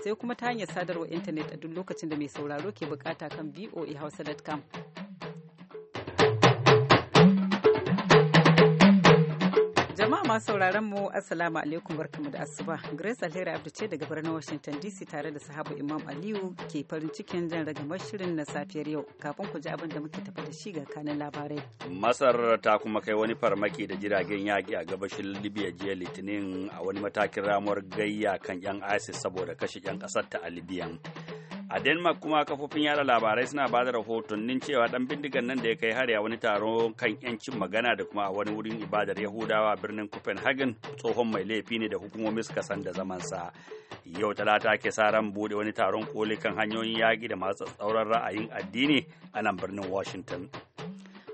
sai kuma ta hanyar sadarwa intanet a duk lokacin da mai sauraro ke bukata kan voahausa.com. Jama'a masu sauraron mu Assalamu alaikum barkamu da asuba. Grace Alheri Abdu ce daga birnin Washington DC tare da sahaba Imam Aliyu ke farin cikin jan ragamar shirin na safiyar yau. Kafin ku ji abin da muke tafi da shi ga kanin labarai. Masar ta kuma kai wani farmaki da jiragen yaƙi a gabashin Libya jiya Litinin a wani matakin ramuwar gayya kan 'yan ISIS saboda kashe 'yan ta a Libya. a denmark kuma kafofin yada labarai suna ba da rahotannin cewa dan bindigan nan da ya kai hari a wani taron kan yancin magana da kuma a wani wurin ibadar yahudawa a birnin copenhagen tsohon mai laifi ne da hukumomi suka san da zaman sa yau talata ke sa ran bude wani taron koli kan hanyoyin yaki da masu tsauran ra'ayin addini a nan birnin washington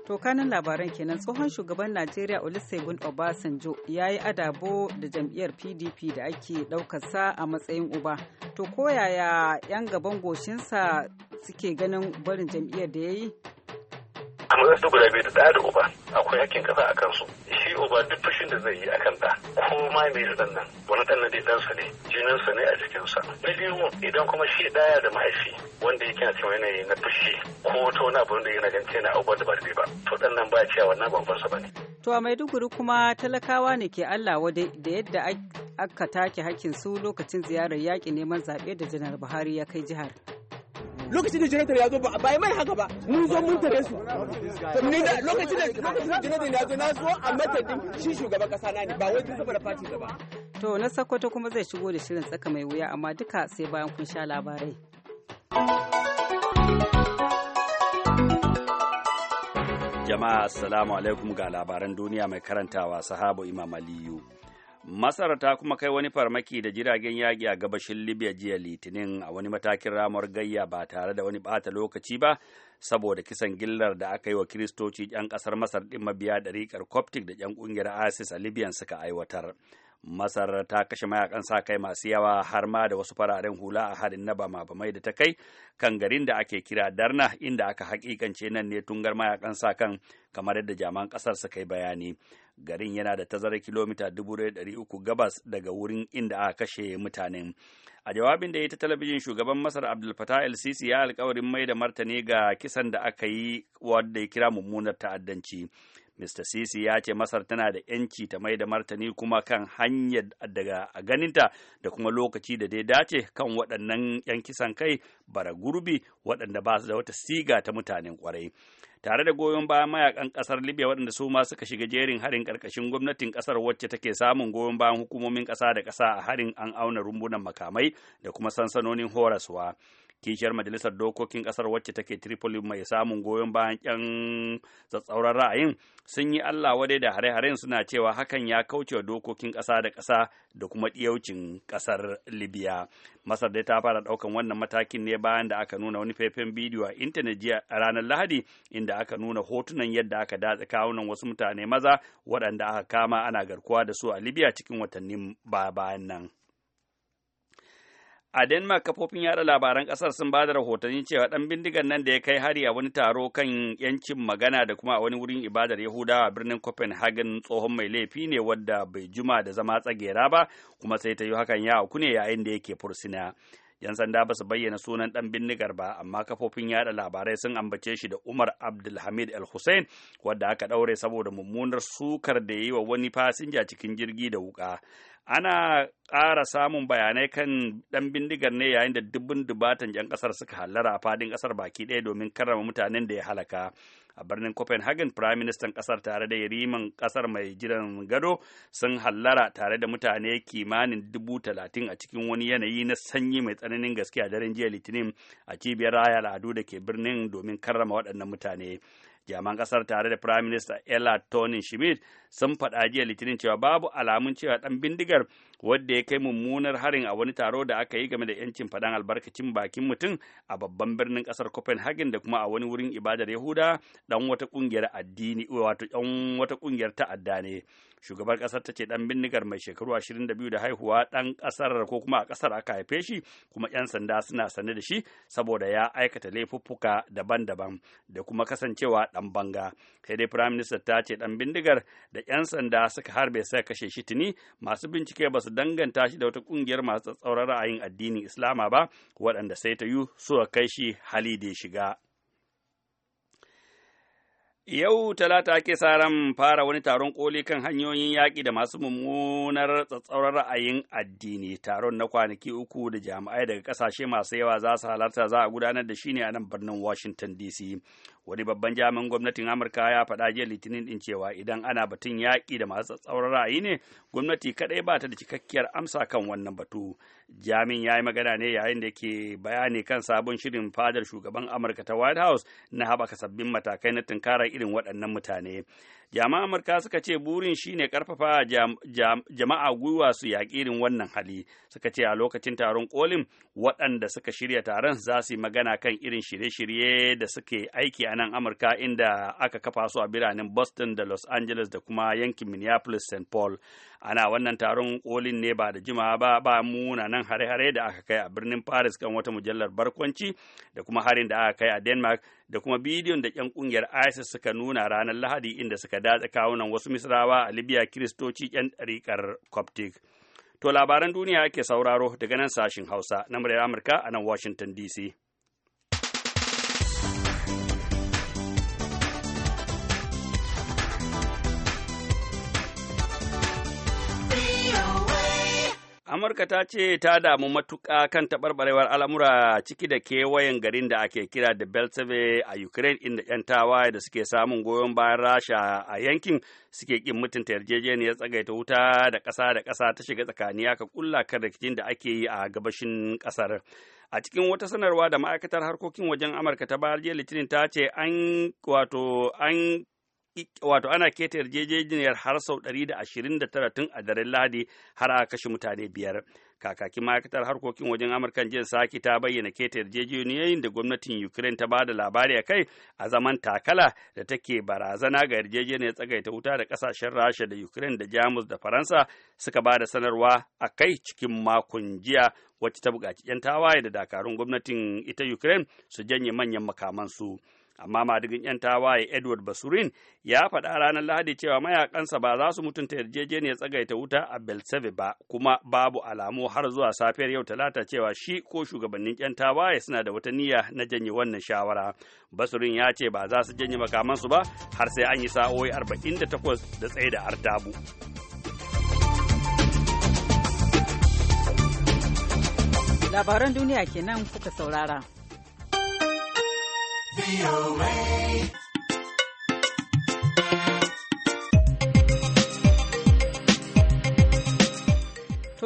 To kanan labaran kenan tsohon shugaban Najeriya Olusegun Obasanjo ya yi adabo da jam'iyyar PDP da ake ɗaukarsa a matsayin uba. To koyaya 'yan gaban goshinsa suke ganin barin jam'iyyar da ya yi? kamar su guda biyu da ɗaya da uba akwai hakkin kasa a kansu shi uba duk fushin da zai yi akan ɗa ko ma mai ɗan nan wani ɗan na dai ɗansa ne sa ne a jikinsa na biyu idan kuma shi ɗaya da mahaifi wanda yake na cewa yanayi na fushi ko wata wani abu da yana ganin yana abubuwan da ba ba to ɗan nan ba cewa wannan ba ne. to a maiduguri kuma talakawa ne ke allah wadai da yadda aka take hakkin su lokacin ziyarar yaƙi neman zaɓe da janar buhari ya kai jihar. lokacin da janitor ya zo ba yi mai haka ba mun zo mun tare su ni da lokacin da ya zo na zo a matadin shi shugaban kasa na ne ba wai saba saboda fati ba to na sakkwato kuma zai shigo da shirin tsaka mai wuya amma duka sai bayan kun sha labarai jama'a assalamu alaikum ga labaran duniya mai karantawa sahabo imam aliyu Masar ta kuma kai wani farmaki da jiragen yaƙi a gabashin Libya jiya Litinin a wani matakin ramar gayya ba tare da wani ɓata lokaci ba saboda kisan gillar da aka yi wa Kiristoci 'yan ƙasar Masar ɗin mabiya ɗariƙar Coptic da 'yan ƙungiyar ISIS a Libyan suka aiwatar. masar ta kashe mayakan sa kai masu yawa har ma da wasu fararen hula a harin na bama bamai da ta kai kan garin da ake kira darna inda aka hakikance nan ne tungar mayakan sa kan kamar yadda jaman kasar su kai bayani garin yana da tazarar kilomita 300 gabas daga wurin inda aka kashe mutanen a jawabin da ya ta talabijin shugaban masar abdul fatah el sisi ya alkawarin mai da martani ga kisan da aka yi wadda ya kira mummunar ta'addanci Mr. Sisi ya ce Masar tana da ‘yanci ta mai da martani kuma kan hanyar daga a ganinta da kuma lokaci da dai dace kan waɗannan ‘yan kisan kai bara gurbi waɗanda ba su da wata siga ta mutanen kwarai. Tare da goyon bayan mayakan ƙasar Libya waɗanda su ma suka shiga jerin harin ƙarƙashin gwamnatin ƙasar wacce take samun goyon bayan hukumomin ƙasa da ƙasa a harin an auna rumbunan makamai da kuma sansanonin horaswa. kishiyar majalisar dokokin kasar wacce take tripoli mai samun goyon bayan yan tsatsauran ra'ayin sun yi allah wadai da hare-haren suna cewa hakan ya kauce wa dokokin kasa da kasa da kuma diyaucin kasar libya masar dai ta fara daukan wannan matakin ne bayan da aka nuna wani faifan bidiyo a intanet jiya a ranar lahadi inda aka nuna hotunan yadda aka datse kawunan wasu mutane maza waɗanda aka kama ana garkuwa da su a libya cikin watannin ba bayan nan A Denmark kafofin yada labaran kasar sun ba da rahotanni cewa dan bindigan nan da ya kai hari a wani taro kan yancin magana da kuma a wani wurin ibadar Yahudawa a birnin Copenhagen tsohon mai laifi ne wadda bai juma da zama tsagera ba kuma sai ta yi hakan ya auku ne yayin da yake fursuna. Yan sanda ba su bayyana sunan dan bindigar ba amma kafofin yada labarai sun ambace shi da Umar Abdulhamid al Hussein wadda aka daure saboda mummunar sukar da yi wa wani fasinja cikin jirgi da wuka. ana ƙara samun bayanai kan ɗan bindigar ne yayin da dubbin dubatan 'yan ƙasar suka hallara a fadin ƙasar baki ɗaya domin karrama mutanen da ya halaka a birnin copenhagen prime minister ƙasar tare da yariman ƙasar mai jiran gado sun hallara tare da mutane kimanin dubu talatin a cikin wani yanayi na sanyi mai tsananin gaske a daren jiya litinin a cibiyar raya al'adu da ke birnin domin karrama waɗannan mutane jaman ƙasar tare da prime minister ella tony schmidt sun faɗa jiya litinin cewa babu alamun cewa ɗan bindigar wadda ya kai mummunar harin a wani taro da aka yi game da yancin faɗan albarkacin bakin mutum a babban birnin ƙasar copenhagen da kuma a wani wurin ibadar yahuda ɗan wata ƙungiyar addini wato ɗan wata ƙungiyar ta'adda ne shugabar ƙasar ta ce ɗan bindigar mai shekaru 22 da haihuwa ɗan ƙasar ko kuma a ƙasar aka haife shi kuma 'yan sanda suna sane da shi saboda ya aikata laifuffuka daban-daban da kuma kasancewa ɗan banga sai dai firaminista ta ce ɗan bindigar da 'yan sanda suka harbe suka kashe shi tuni masu bincike ba su danganta shi da wata ƙungiyar masu tsatsauran ra'ayin addinin islama ba waɗanda sai ta yi suka kai shi hali da shiga Yau Talata ake sa ran fara wani taron koli kan hanyoyin yaƙi da masu mummunar tsatsauran ra'ayin addini. Taron na kwanaki uku da jami'ai daga ƙasashe masu yawa za su halarta za a gudanar da shi ne a nan birnin Washington DC. wani babban jami'in gwamnatin amurka ya faɗa jiya litinin ɗin cewa idan ana batun yaƙi da masu tsauran ra'ayi ne gwamnati kaɗai ba ta da cikakkiyar amsa kan wannan batu jami'in ya yi magana ne yayin da ke bayani kan sabon shirin fadar shugaban amurka ta white house na haɓaka sabbin matakai na tunkarar irin waɗannan mutane jama'a amurka suka ce burin shine karfafa jama'a gwiwa su yaƙi irin wannan hali suka ce a lokacin taron kolin waɗanda suka shirya taron za su yi magana kan irin shirye-shirye da suke aiki a nan amurka inda aka kafa su a biranen boston da los angeles da kuma yankin minneapolis st paul ana wannan taron kolin ne ba da jimawa ba ba nan hare-hare da aka kai a birnin paris kan wata mujallar barkwanci da kuma harin da aka kai a denmark da kuma bidiyon da 'yan kungiyar isis suka nuna ranar lahadi inda suka datsa kawunan wasu misrawa a libya kiristoci 'yan ɗariƙar coptic to labaran duniya ake sauraro daga nan sashin hausa na muryar amurka a nan washington dc Amurka ta ce ta damu matuƙa kan taɓarɓarewar al'amura ciki da kewayen garin da ake kira da Beltsabe a Ukraine inda ‘yan tawaye da suke samun goyon bayan Rasha a yankin suke ƙin mutunta yarjejeniyar tsagaita wuta da ƙasa da ƙasa ta shiga tsakani aka ƙulla kan rikicin da ake yi a gabashin ƙasar. a cikin wata sanarwa da ma'aikatar harkokin wajen amurka ta bayar jiya litinin ta ce an wato an wato ana keta yarjejeniyar har sau 129 tun a daren Lahadi har aka kashe mutane biyar. Kakakin ma'aikatar harkokin wajen Amurka jin saki ta bayyana keta yarjejeniyoyin da gwamnatin Ukraine ta ba da labari a kai a zaman takala da take barazana ga yarjejeniyar tsagaita wuta da kasashen Rasha da Ukraine da Jamus da Faransa suka ba da sanarwa a kai cikin makon jiya wacce ta buƙaci 'yan tawaye da dakarun gwamnatin ita Ukraine su janye manyan makamansu. amma madigin 'yan tawaye edward basurin ya faɗa ranar lahadi cewa mayakansa ba za su mutunta yarjejeniyar tsagaita wuta a belseve ba kuma babu alamu har zuwa safiyar yau talata cewa shi ko shugabannin 'yan tawaye suna da wata niyya na janye wannan shawara basurin ya ce ba za su janye makamansu ba har sai an yi sa'o'i 48 da tsaye da artabu labaran duniya kenan kuka saurara To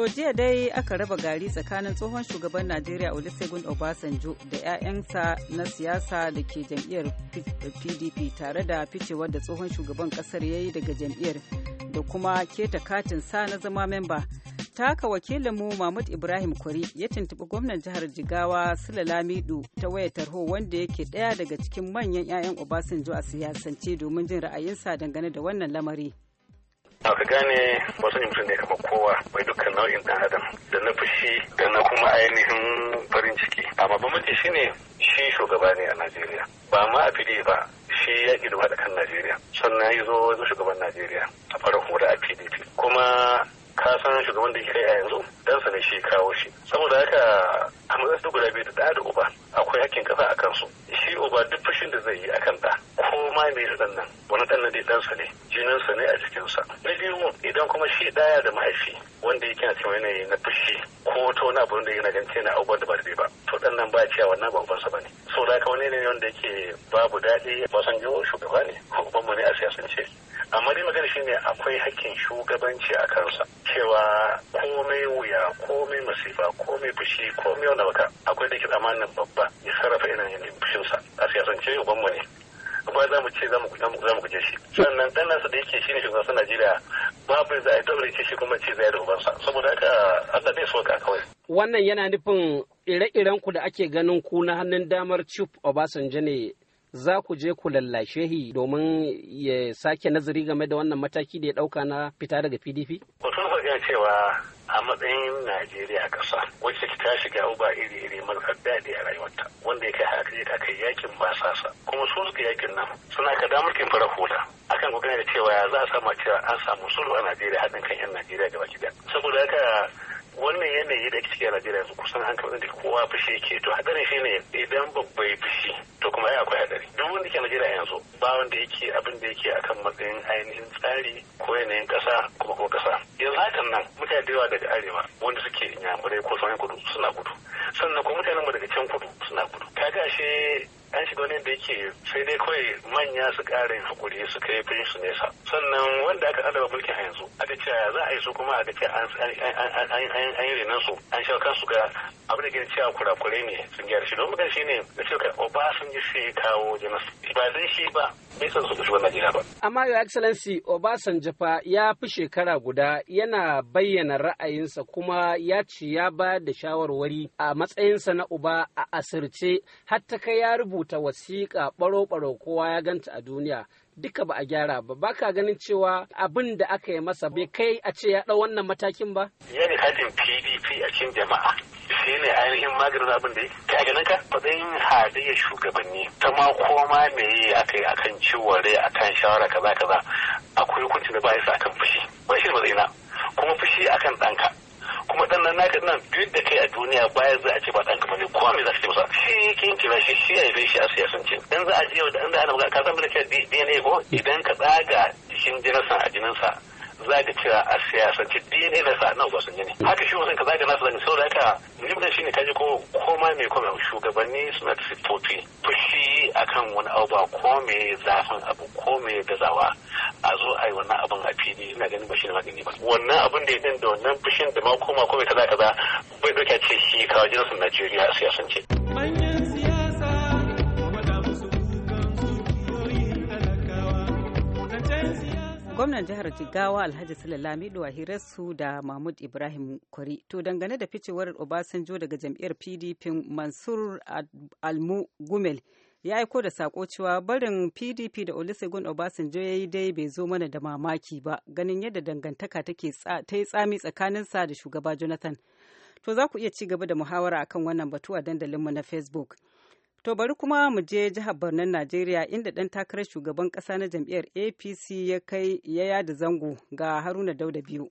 jiya dai aka raba gari tsakanin tsohon shugaban Najeriya Olusegun Obasanjo da 'ya'yansa na siyasa da ke jam'iyyar PDP tare da ficewar da tsohon shugaban kasar ya yi daga jam'iyyar da kuma keta katin sa na zama memba. ta wakilin wakilinmu mahmud ibrahim kuri ya tuntuɓi gwamnan jihar jigawa sula lamidu ta wayar tarho wanda yake ɗaya daga cikin manyan 'ya'yan obasanjo a siyasance domin jin ra'ayinsa dangane da wannan lamari ka gane wasu mutum ya kama kowa mai dukkan nau'in ɗan adam da na fushi da na kuma ainihin farin ciki amma bambanci shine shi shugaba ne a najeriya ba ma a fili ba shi ya ƙi da kan najeriya sannan ya zo shugaban najeriya a farar hura a pdp kuma ka san shugaban da ke kai a yanzu ɗansa ne shi kawo shi saboda haka a matsayin guda biyu da ɗa da uba akwai hakkin kasa a kansu shi uba duk fushin da zai yi a kan ɗa ko ma mai da ɗan nan wani ɗan nan dai ɗansa ne jininsa ne a jikinsa na biyu idan kuma shi ɗaya da mahaifi wanda yake na cikin yanayi na fushi ko ta wani abu da yana ganin na abubuwan da ba ba to ɗan nan ba a cewa wannan babban sa ba ne saboda haka wani ne wanda yake babu daɗi ba san jiwo shugaba ne ko ubanmu ne a siyasance amma dai magana ne akwai hakkin shugabanci a kansa cewa komai wuya komai masifa komai fushi komai wani baka akwai da ke tsamanin babba ya sarrafa yanayin fushinsa a siyasance ubanmu ne ba za mu ce za mu guje shi sannan dan nasa da yake shine shugaban sa Najeriya babu za a daure ce shi kuma ce yi da sa saboda haka Allah bai so ka kawai wannan yana nufin ire-iren ku da ake ganin ku na hannun damar Chief Obasanjo ne za ku je ku lallashe shi domin ya sake nazari game da wannan mataki da ya ɗauka na fita daga PDP? Kusan faɗin cewa a matsayin Najeriya ƙasa wacce ta shiga uba iri-iri marasa daɗi a rayuwarta wanda ya kai haka ya kai yakin basasa kuma su suka yakin nan suna ka damarkin fara hula akan kokarin da cewa za a samu cewa an samu sulhu a Najeriya haɗin kan 'yan Najeriya gaba ki saboda haka wannan yanayi da ake ciki a Najeriya yanzu kusan hankali da kowa fushi yake to hadarin shine ne idan babba ya fushi to kuma ai akwai hadari duk wanda ke Najeriya yanzu ba wanda yake abin da yake akan matsayin ainihin tsari ko yanayin kasa kuma ko kasa yanzu hakan nan mutane da yawa daga arewa wanda suke inyamurai ko sauran kudu suna gudu sannan kuma mutanen mu daga can kudu suna gudu kaga ashe an shiga wani da yake sai dai kawai manya su ƙara hakuri su kai fin su nesa sannan wanda aka adaba mulkin a yanzu aka ce za a yi su kuma aka ce an yi su an kansu ga abin da ke cewa kurakure ne sun gyara shi don mukan shi ne da cewa yi shi kawo jamus ba zai shi ba bai san su Najeriya ba. Amma Your Excellency Obasanjo fa ya fi shekara guda yana bayyana ra'ayinsa kuma ya ci ya ba da shawarwari a matsayinsa na uba a asirce har kai ya rubuta wasiƙa baro-baro kowa ya ganta a duniya. Duka ba a gyara ba, ba ka ganin cewa abin da aka yi masa bai kai a ce ya ɗau wannan matakin ba? Yani haɗin PDP a cikin jama'a shi ne ainihin maganin abin da ya kai ganin ka fadin halayyar shugabanni ta ma koma me yi a kan ciwon rai kan shawara kaza kaza akwai hukunci da ba ya sa akan fushi ba shi ne matsayina kuma fushi akan ɗanka kuma ɗan nan naka nan duk da kai a duniya bayan za a ce ba ɗanka ne ko me za su ce masa shi yake yin kira shi shi ya yi bai shi a ce in za a je da in za a ka san da DNA ko idan ka tsaga jikin jinansa a sa za ka cewa a siyasance DNA na sa nan gwasan ne haka shi wasan ka za ka nasa zan saboda haka muhimmin shine ta ji ko koma mai koma shugabanni suna da siffofi fushi akan wani abu ba ko mai zafin abu ko mai gazawa a zo a yi wannan abun a fili ina ganin ba shi ne magani ba wannan abun da ya din da wannan fushin da ma koma ko me kaza kaza bai dauke ce shi kawo jinsin Najeriya a siyasance. gwamnan jihar jigawa alhaji sula a da mahmud ibrahim kwari to dangane da ficewar obasanjo daga jam'iyyar pdp mansur almu gumel ya aiko da sako cewa barin pdp da olusegun obasanjo ya yi dai bai zo mana da mamaki ba ganin yadda dangantaka ta yi tsami tsakaninsa da shugaba jonathan to za ku iya ci gaba da muhawara akan wannan batu a dandalinmu na facebook To bari kuma mu je jihar Borno Najeriya inda ɗan takarar shugaban ƙasa na jam'iyyar APC ya kai ya yada zango ga Haruna Dauda biyu.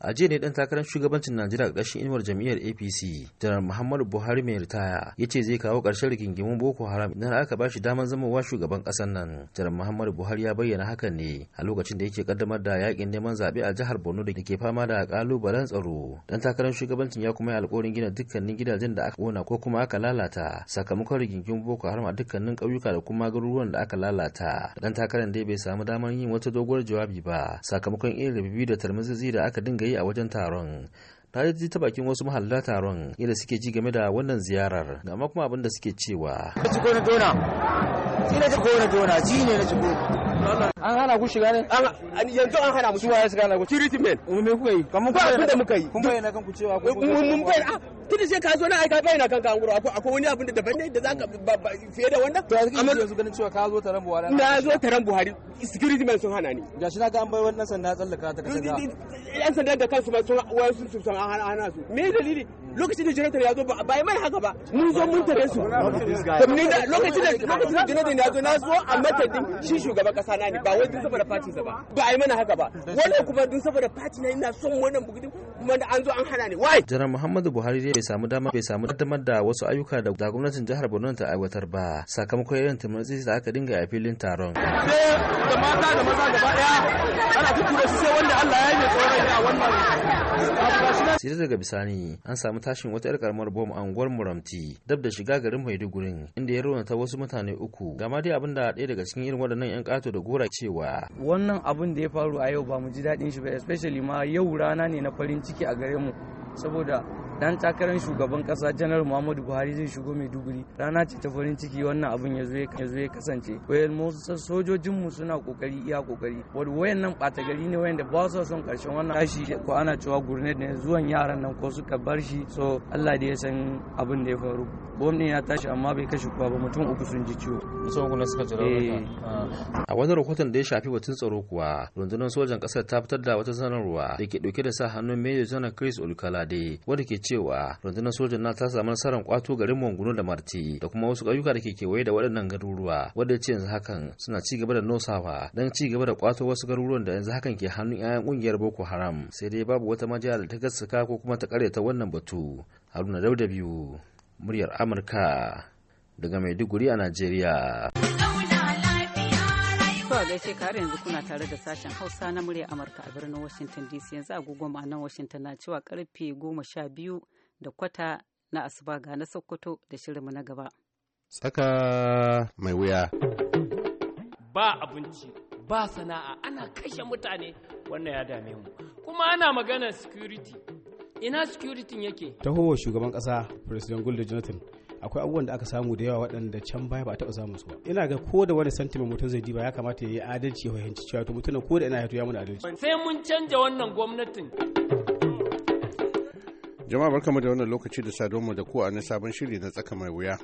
a jiya ne dan takarar shugabancin najeriya a ƙarshen inuwar jam'iyyar apc janar muhammadu buhari mai ritaya ya ce zai kawo ƙarshen rigingimun boko haram idan aka ba shi damar wa shugaban ƙasar nan janar muhammadu buhari ya bayyana hakan ne a lokacin da yake kaddamar da yakin neman zaɓe a jihar borno da ke fama da ƙalubalen tsaro dan takarar shugabancin ya kuma yi alƙawarin gina dukkanin gidajen da aka ƙona ko kuma aka lalata sakamakon rigingimun boko haram a dukkanin ƙauyuka da kuma garuruwan da aka lalata dan takarar dai bai samu damar yin wata doguwar jawabi ba sakamakon irin rububi da tarmizizi da aka dinga yi a wajen taron ta yi ta bakin wasu mahalla taron yadda suke ji game da wannan ziyarar ga kuma abin da suke cewa. an hana ku shiga ne yanzu an hana mu shiga ku security men eh, me kuka yi kamar ba abin da muka yi kun bayyana kan cewa ko mun bayyana ah, tun sai ka zo na aika bayyana kan kan gura akwai wani abin da daban ne da zaka fiye da wannan to yanzu ganin cewa ka zo taron Buhari na zo taron Buhari security men sun hana ni gashi na ga an bai wannan sanda tsallaka ta kasa yan sanda da kansu ma sun wasu sun an hana su me dalili lokacin da jiratar ya zo ba mai haka ba mun zo mun tare su lokacin da lokacin da jiratar ya zo na zo a matadin shi shugaban kasa na ne ba wai dun saboda party sa ba ba ai mana haka ba wannan kuma dun saboda party na ina son wannan bugudi kuma da an zo an hana ni wai jiran Muhammadu Buhari bai samu dama bai samu kaddamar da wasu ayyuka da gwamnatin jihar Borno ta aiwatar ba sakamakon irin timurtsi da aka dinga a filin taron sai da mata da maza gaba daya ana tuttura su sai wanda Allah ya yi tsoron ya wannan sai daga bisani an samu tashin wata 'yar karamar bom a unguwar muramti dab da shiga garin maiduguri inda ya raunata wasu mutane uku gama dai abin da ɗaya daga cikin irin waɗannan 'yan ƙato da da gora cewa wannan abin da ya faru a yau ba mu ji daɗin shi ba especially ma yau rana ne na farin ciki a gare mu saboda dan takarar shugaban kasa janar muhammadu buhari zai shigo maiduguri rana ce ta farin ciki wannan abin ya zo ya kasance wayan sojojinmu suna kokari iya kokari wayan nan bata gari ne wayan da ba su son karshen wannan tashi ko ana cewa gurnet ne zuwan yaran nan ko suka bar shi so allah da ya san abin da ya faru bom ne ya tashi amma bai kashe kowa ba mutum uku sun ji ciwo eh. ah. a wani wani rahoton da ya shafi batun tsaro kuwa rundunar sojan kasar ta fitar da wata sanarwa da ke dauke da sa hannun major general chris olukalade wanda ke cewa rundunar sojan na ta samu nasarar kwato garin manguno da marti da kuma wasu ƙauyuka da ke kewaye da waɗannan garuruwa wanda ce yanzu hakan suna ci gaba da nosawa don ci gaba da kwato wasu garuruwan da yanzu hakan ke hannun 'ya'yan ƙungiyar boko haram sai dai babu wata majiya da ta gaskaka ko kuma ta ta wannan batu haruna dauda biyu muryar amurka daga maiduguri a najeriya a gaishe kare yanzu kuna tare da sashen Hausa na murya Amurka a birnin Washington DC yanzu agogo ma'anan Washington na cewa karfe goma sha biyu da kwata na asuba ga na Sokoto da shirinmu na gaba. Tsaka mai wuya. Ba abinci, ba sana'a, ana kashe mutane wannan ya dame mu. Kuma ana magana security. Ina security yake? Tahowa shugaban kasa President Goodluck Jonathan akwai abubuwan da aka samu da yawa waɗanda can baya ba a taɓa samun su ba ina ga ko da wani santimen mutum zai diba ya kamata ya yi adalci ya fahimci cewa to mutum ko da ina ya mana adalci sai mun canja wannan gwamnatin jama'a barkamu da wannan lokaci da mu da ku a na sabon shiri na tsaka mai wuya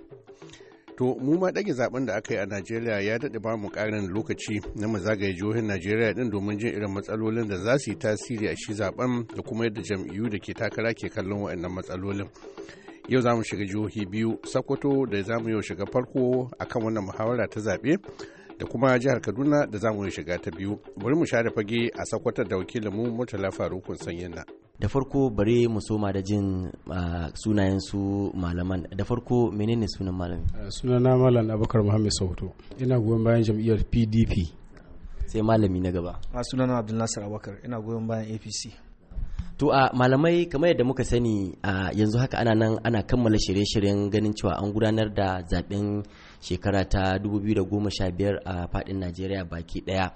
to mu ma dage zaben da aka yi a najeriya ya dade ba mu karin lokaci na mu zagaye jihohin najeriya din domin jin irin matsalolin da za su yi tasiri a shi zaben da kuma yadda jam'iyyu da ke takara ke kallon waɗannan matsalolin yau za mu shiga jihohi biyu sokoto da za mu yau shiga farko akan wannan muhawara ta zaɓe da kuma jihar kaduna da za mu shiga ta biyu bari mu share fage a sakwatar da wakilinmu murtala farukun sanyin na da farko bare mu soma da jin ah, sunayen su malaman da farko menene sunan malami ah, sunana malam abubakar muhammad sauto ina goyon bayan jam'iyyar pdp sai malami na gaba ah, sunana abdul nasir abubakar ina goyon bayan apc to a malamai kamar yadda muka sani a yanzu haka ana nan ana kammala shirye-shiryen ganin cewa an gudanar da zaben shekara ta 2015 a fadin najeriya baki daya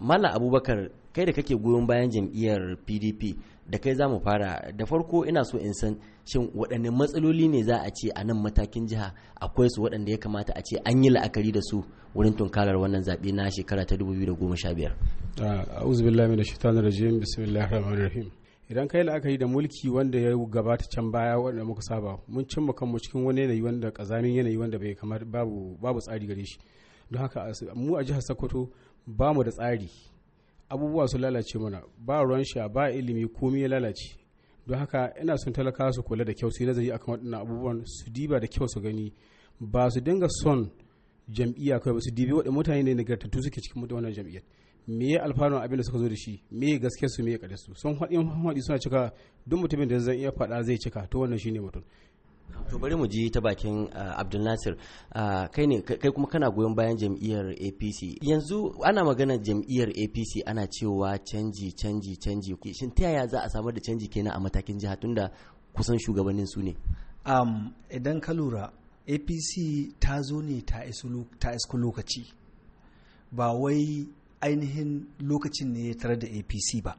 mala abubakar kai da kake goyon bayan jam'iyyar pdp da kai za mu fara da farko ina so in san shin waɗanne matsaloli ne za a ce a nan matakin jiha akwai su waɗanda ya kamata a ce an yi la'akari da su wurin tunkarar wannan zaɓe na shekara ta 2015 a'udhu billahi minash shaitanir rajim bismillahir rahmanir rahim idan kai la'akari da mulki wanda ya gabata can baya wanda muka saba mun cin mu kanmu cikin wani yanayi wanda kazamin yanayi wanda bai kamar babu tsari gare shi don haka mu a jihar Sokoto ba mu da tsari abubuwa su lalace mana ba ruwan sha ba ilimi komai ya lalace don haka ina son talaka su kula da kyau su yi nazari akan waɗannan abubuwan su diba da kyau su gani ba su dinga son jam'iyya kawai ba su dibi waɗanda mutane ne nagartattu suke cikin wannan jam'iyyar me ya alfanu abin da suka zo da shi me ya gaske su me ya kare su sun haɗi suna cika duk mutumin da zan iya faɗa zai cika to wannan shine mutum to bari mu ji ta bakin uh, Abdulnasir uh, kai ne kai kuma kana goyon bayan jam'iyyar apc yanzu ana magana jam'iyyar apc ana cewa canji canji canji shin ta yaya za a samar da canji kenan a matakin jiha tunda kusan shugabannin su ne um, idan ka lura apc ta zo ne ta isko lokaci ba wai ainihin lokacin ne ya tarar da apc ba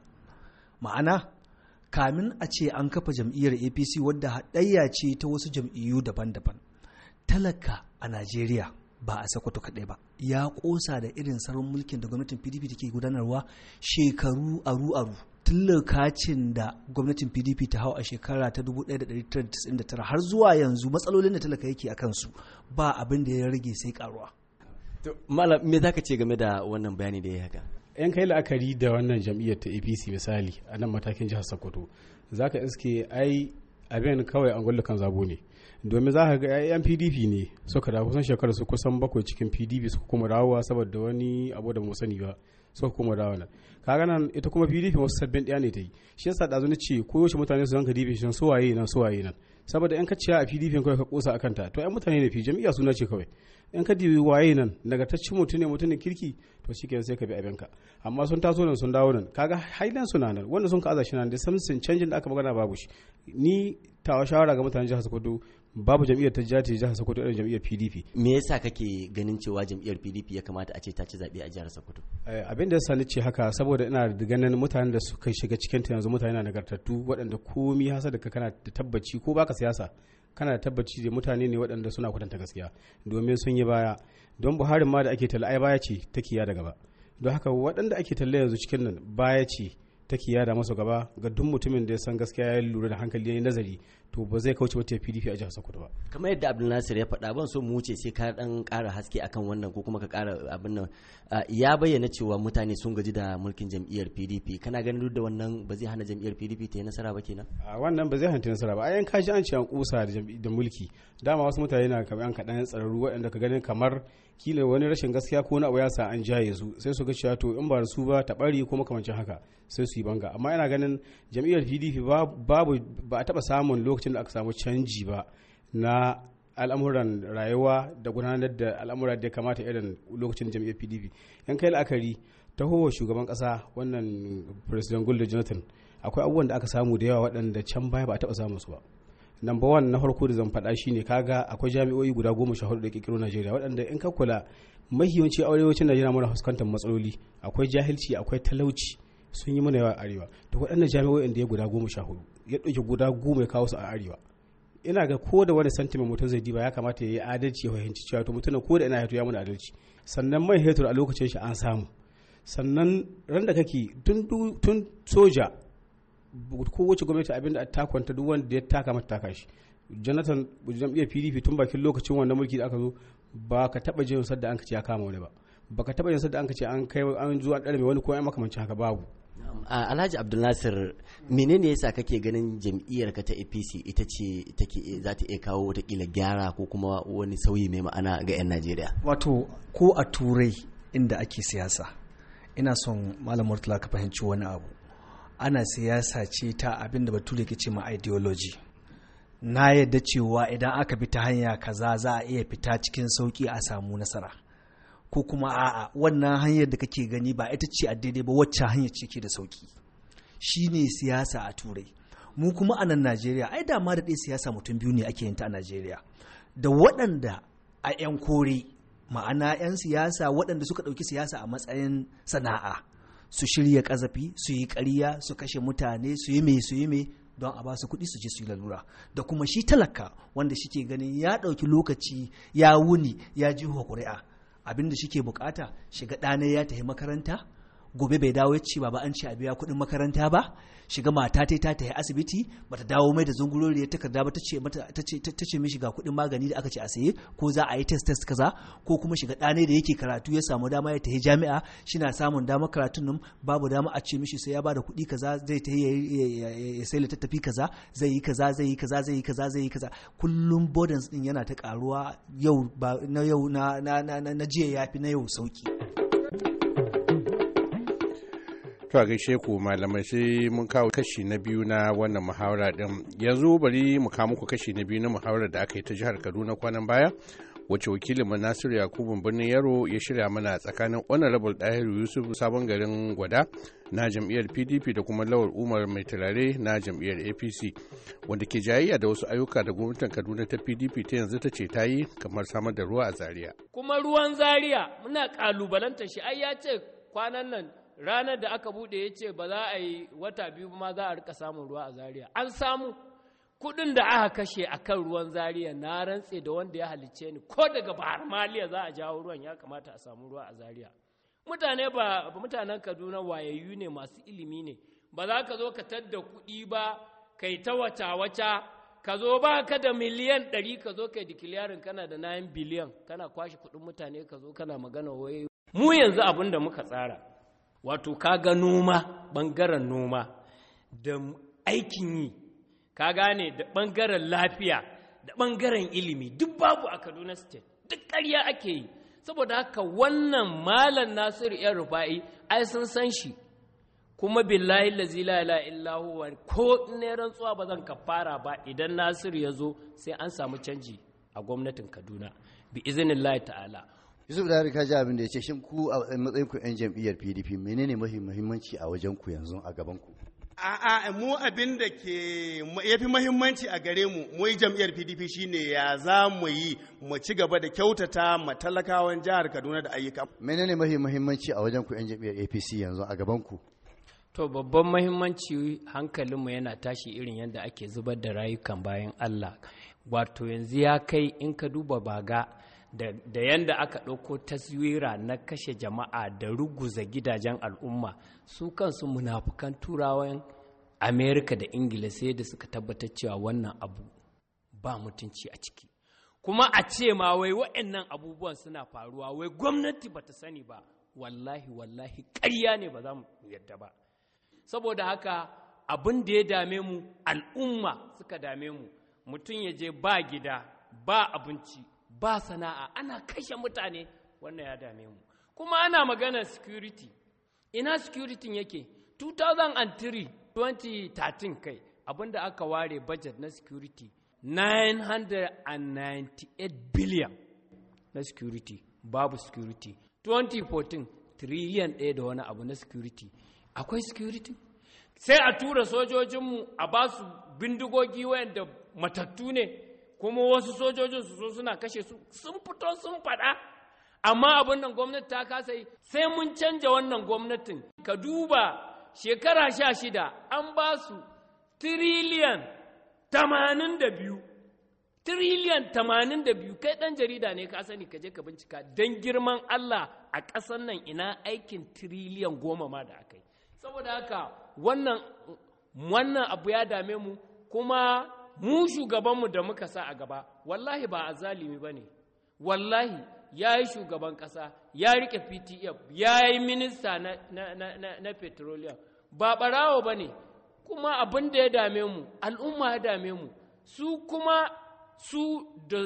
ma'ana kamin a ce an kafa jam'iyyar apc wadda haɗayya ce ta wasu jam'iyyu daban-daban talaka a najeriya ba a sakwato kaɗai ba ya ƙosa da irin tsarin mulkin da gwamnatin pdp take gudanarwa shekaru aru-aru tun lokacin da gwamnatin pdp ta hau a shekara ta 1999 har zuwa yanzu matsalolin da talaka yake a kansu ba abin da ya rage sai karuwa malam me za ka ce game da wannan bayani da ya haka yan kai la'akari da wannan jam'iyyar ta apc misali a nan matakin jihar sokoto za ka iske ai abin kawai an kan zabo ne domin za ka ga 'yan pdp ne suka dawo kusan shekarar su kusan bakwai cikin pdp suka kuma dawowa saboda wani abu da mu sani ba suka kuma dawo nan kaga nan ita kuma pdp wasu sabbin ɗaya ne ta yi shi yasa ɗazu ni ce ko yaushe mutane su zanka dibin shi su waye nan su waye nan saboda yan ka a PDP kawai ka kosa akan ta to 'yan mutane ne fi jami'a suna ce kawai yan ka waye nan daga ta ci mutum ne mutumin kirki to ke sai ka bi abin ka amma sun taso nan sun dawo nan kaga hailan suna nan wanda sun ka azashi nan da samsin canjin da aka magana babu shi ni tawa shawara ga mutanen jihar Sokoto babu jam'iyyar ta jace jihar Sokoto irin jam'iyyar PDP me yasa kake ganin cewa jam'iyyar PDP ya kamata a ce ta ci zabe a jihar Sokoto eh, abin da ya sani ce haka saboda ina da ganin mutanen da suka shiga cikin ta yanzu mutane na nagartattu waɗanda komi hasa da kana da tabbaci ko baka siyasa kana da tabbaci da mutane ne waɗanda suna kwatanta gaskiya domin sun yi baya don Buharin ma da ake talla ai baya ce ta ya da gaba don haka waɗanda ake talla yanzu cikin nan baya ce take yada masa gaba ga duk mutumin da ya san gaskiya ya lura da hankali ya nazari to ba zai kauce mata PDP a jihar Sokoto ba kamar yadda Abdul Nasir ya faɗa ban so mu wuce sai ka dan ƙara haske akan wannan ko kuma ka ƙara abin nan ya bayyana cewa mutane sun gaji da mulkin jam'iyyar PDP kana ganin duk da wannan ba zai hana jam'iyyar PDP ta yi nasara ba kenan a wannan ba zai hana ta nasara ba a yan kaji an ce an kusa da mulki dama wasu mutane na kamar an kaɗan tsararru waɗanda ka ganin kamar kila wani rashin gaskiya ko wani abu ya sa an jaye su sai su ga cewa to in ba su ba ta bari ko makamancin haka sai su yi banga amma ina ganin jam'iyyar PDP babu ba a taba samun lokacin da aka samu canji ba na al'amuran rayuwa da gudanar da al'amura da ya kamata irin lokacin jam'iyyar PDP yan kai la'akari ta howa shugaban kasa wannan president Goodluck Jonathan akwai abubuwan da aka samu da yawa waɗanda can baya ba a taba samun su ba number one na farko da zan faɗa shine kaga akwai jami'o'i guda goma sha hudu da kirkiro Najeriya waɗanda in ka kula mahiyanci arewacin Najeriya mana fuskantar matsaloli akwai jahilci akwai talauci sun yi mana yawa arewa to waɗannan jami'o'i da ya guda goma sha hudu ya ɗauki guda goma ya kawo su a arewa ina ga ko da wani sentiment mutum zai diba ya kamata ya yi adalci ya fahimci cewa to mutum ko da ina hito ya mana adalci sannan mai hetur a lokacin shi an samu sannan ran da kake tun soja kowace gwamnati abinda a kwanta duk wanda ya taka mata taka shi jonathan jam'iyyar pdp tun bakin lokacin wannan mulki da aka zo ba ka taba jin sadda an ka ce ya kama wani ba ba ka taba jin sadda an ka ce an kai an zuwa ɗarme wani ko ai makamancin haka babu alhaji abdulnasir menene yasa kake ganin jam'iyyar ka ta apc ita ce take za ta iya kawo watakila gyara ko kuma wani sauyi mai ma'ana ga 'yan najeriya wato ko a turai inda ake siyasa ina son malam murtala ka fahimci wani abu ana siyasa ce ta abin da bature ke ce ma ideology na yadda cewa idan aka bi ta hanya kaza za a iya fita cikin sauki a samu nasara ko kuma a'a wannan hanyar da kake gani ba ita ce a daidai ba wacce hanyar ce ke da sauki shine siyasa a turai mu kuma a nan najeriya ai dama da ɗaya siyasa mutum biyu ne ake yin ta a najeriya da waɗanda a 'yan kore ma'ana 'yan siyasa waɗanda suka ɗauki siyasa a matsayin sana'a su shirya kazafi su yi ƙarya su kashe mutane su yi mai su yi mai don a basu su kuɗi su je su yi lalura da kuma shi talaka wanda shike ganin ya ɗauki lokaci ya wuni ya ji hukuri'a ƙuri'a abinda shi ke bukata shiga ɗane ya tafi makaranta gobe bai dawo ya ce ba an ce a biya kuɗin makaranta ba shiga mata ta ta tafi asibiti bata dawo mai da zungurori ya takarda ba tace mata tace tace mishi ga kuɗin magani da aka ce a saye ko za a yi test test kaza ko kuma shiga ɗane da yake karatu ya samu dama ya tafi jami'a shina samun dama karatun nan babu dama a ce mishi sai ya bada kuɗi kaza zai tafi ya sai ta tafi kaza zai yi kaza zai yi kaza zai yi kaza zai yi kaza kullum burdens din yana ta karuwa yau na yau na na na jiya yafi na yau sauki To a gaishe ku malamai sai mun kawo kashi na biyu na wannan muhawara din. Yanzu bari mu kawo muku kashi na biyu na muhawarar da aka yi ta jihar Kaduna kwanan baya. Wace wakilin mu Nasiru Yakubu Birnin Yaro ya shirya mana tsakanin Honorable Dahiru Yusuf Sabon Garin Gwada na jam'iyyar PDP da kuma Lawal Umar Mai Turare na jam'iyyar APC wanda ke jayayya da wasu ayyuka da gwamnatin Kaduna ta PDP ta yanzu ta ce ta yi kamar samar da ruwa a Zaria. Kuma ruwan Zaria muna kalubalanta shi ai ya ce kwanan nan ranar da aka bude ya ce ba za a yi wata biyu ma za a rika samun ruwa a zariya an samu kuɗin da aka kashe a kan ruwan zariya na rantse da wanda ya halicce ni ko daga bahar za a jawo ruwan ya kamata a samu ruwa a zariya mutane ba mutanen kaduna wayayyu ne masu ilimi ne ba za ka zo ka tadda kuɗi ba kai ta wata wata ka zo ba ka da miliyan ɗari ka zo kai dikiliyarin kana da nayin biliyan kana kwashe kuɗin mutane ka zo kana magana waye mu yanzu abun da muka tsara wato kaga noma bangaren noma da aikin yi ka gane da ɓangaren lafiya da ɓangaren ilimi duk babu a kaduna state duk karya ake yi saboda haka wannan malam nasiru yan rufa'i ai sun san shi kuma billahi lazi la ila illa huwa ko ne rantsuwa ba zan kafara ba idan nasiru ya zo sai an samu canji a gwamnatin kaduna bi iznillahi ta'ala Yusuf da Harika ji abin da ya ce shin ku a matsayin ku 'yan jam'iyyar PDP menene mafi muhimmanci a wajen ku yanzu a gaban ku? A'a mu abin da ke yafi muhimmanci a gare mu mu yi jam'iyyar PDP shine ya za mu yi mu ci gaba da kyautata ma talakawan jihar Kaduna da ayyuka. Menene mafi muhimmanci a wajen ku 'yan jam'iyyar APC yanzu a gaban ku? To babban mahimmanci hankalinmu yana tashi irin yadda ake zubar da rayukan bayan Allah. Wato yanzu ya kai in ka duba baga da yanda aka ɗauko taswira na kashe jama'a da ruguza gidajen al'umma su kansu munafukan turawan amerika da ingila sai da suka tabbatar cewa wannan abu ba mutunci a ciki kuma a ce ma wai wa'annan abubuwan suna faruwa wai gwamnati ba ta sani ba wallahi wallahi ƙarya ne ba za mu yadda ba saboda haka abin da ya dame mu al'umma suka dame mu mutum ya je ba gida ba abinci ba sana'a ana kashe mutane wannan ya dame mu kuma ana magana security ina security yake 2003 2013 kai abinda aka ware budget na security 998 billion na security babu security 2014 trillion ɗaya da wani abu na security akwai security sai a tura sojojinmu a ba su bindigogi wayan da matattu ne kuma wasu sojojin su so suna kashe su sun fito sun faɗa amma abin nan gwamnati ta kasa yi sai mun canja wannan gwamnatin ka duba shekara sha shida an ba su tiriliyan tamanin da biyu tiriliyan tamanin da biyu kai ɗan jarida ne ka sani ka je ka bincika don girman Allah a ƙasan nan ina aikin tiriliyan goma ma da aka yi saboda haka wannan abu ya dame mu kuma mu shugabanmu da muka sa a gaba wallahi ba a zalimi ba ne wallahi ya yi shugaban ƙasa ya riƙe ptf ya yi minista na, na, na, na, petroleum ba ɓarawo ba ne kuma abin da ya dame mu al'umma ya dame mu su kuma su da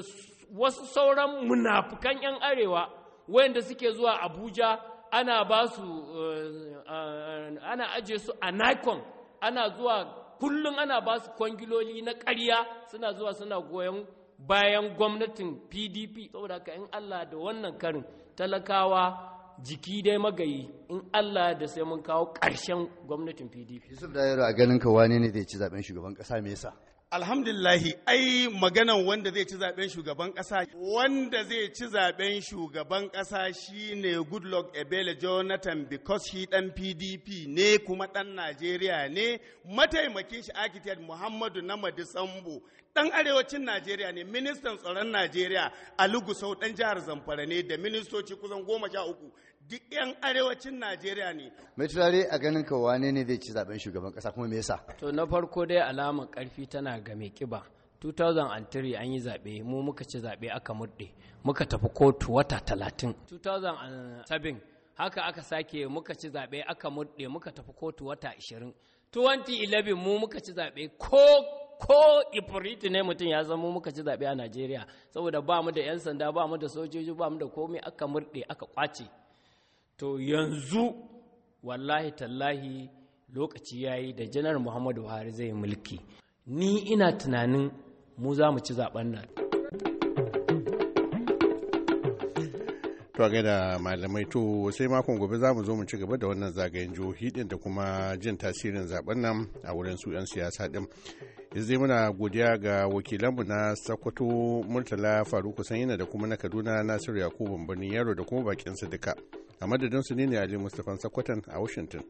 wasu sauran munafukan 'yan arewa wayanda suke zuwa abuja ana ba su eh, eh, ana aje su a nikon ana zuwa kullum ana ba su kwangiloli na ƙarya suna zuwa suna goyon bayan gwamnatin pdp saboda haka in allah da wannan karin talakawa jiki dai magayi in allah da sai mun kawo ƙarshen gwamnatin pdp yusuf da a ganin ka wane ne zai ci zaɓen shugaban ƙasa me yasa alhamdulillahi ai maganan wanda zai ci zaben shugaban kasa wanda zai ci zaben shugaban kasa shine goodluck ebele jonathan because shi dan pdp ne kuma dan najeriya ne mataimakin shi architect muhammadu na sambo dan arewacin najeriya ne ministan tsaron najeriya ali gusau dan jihar zamfara ne da ministoci kusan goma sha uku duk 'yan arewacin Najeriya ne. Mai turare a ganin ka wane ne zai ci zaben shugaban ƙasa kuma me yasa? To na farko dai alamar karfi tana ga mai kiba. 2003 an yi zaɓe mu muka ci zaɓe aka murɗe muka tafi kotu wata talatin. 2007 haka aka sake muka ci zaɓe aka murɗe muka tafi kotu wata 20. 2011 mu muka ci zaɓe ko ko ifiriti ne mutum ya zama muka ci zaɓe a Najeriya saboda ba mu da 'yan sanda ba mu da sojoji ba mu da komai aka murɗe aka ƙwace. to yanzu wallahi tallahi lokaci ya yi da janar muhammadu buhari zai mulki ni ina tunanin mu za mu ci zaben nan to da malamai to sai makon gobe za mu zo mu ci gaba da wannan zagayen jihohi din da kuma jin tasirin zaben nan a wurin su 'yan siyasa din yanzu muna godiya ga wakilanmu na Sakwato, murtala faruku sanyina da kuma na kaduna nasiru yakubu birnin yaro da kuma bakinsa duka a madadin su ne ne ali mustapha sakwatan a washington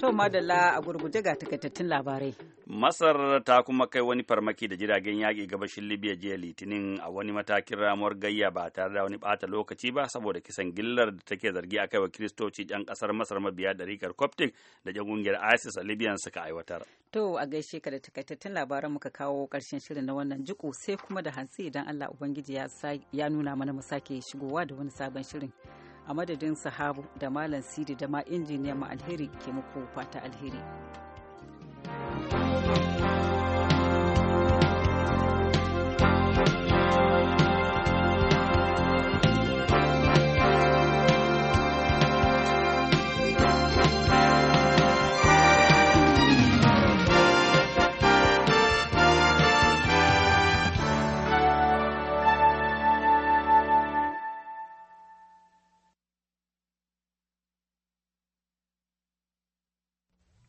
to madalla a gurguje ga takaitattun labarai Masar ta kuma kai wani farmaki da jiragen yaƙi gabashin Libya jiya Litinin a wani matakin ramuwar gayya ba tare da wani ɓata lokaci ba saboda kisan gillar da take zargi a kaiwa Kiristoci ɗan ƙasar Masar mabiya ɗarikar Coptic da ɗan ƙungiyar ISIS a Libya suka aiwatar. To a gaishe ka da takaitattun labaran muka kawo ƙarshen shirin na wannan jiko sai kuma da hantsi idan Allah Ubangiji ya nuna mana mu sake shigowa da wani sabon shirin. A madadin sahabu da Malam Sidi da ma injiniyan mu alheri ke muku fata alheri.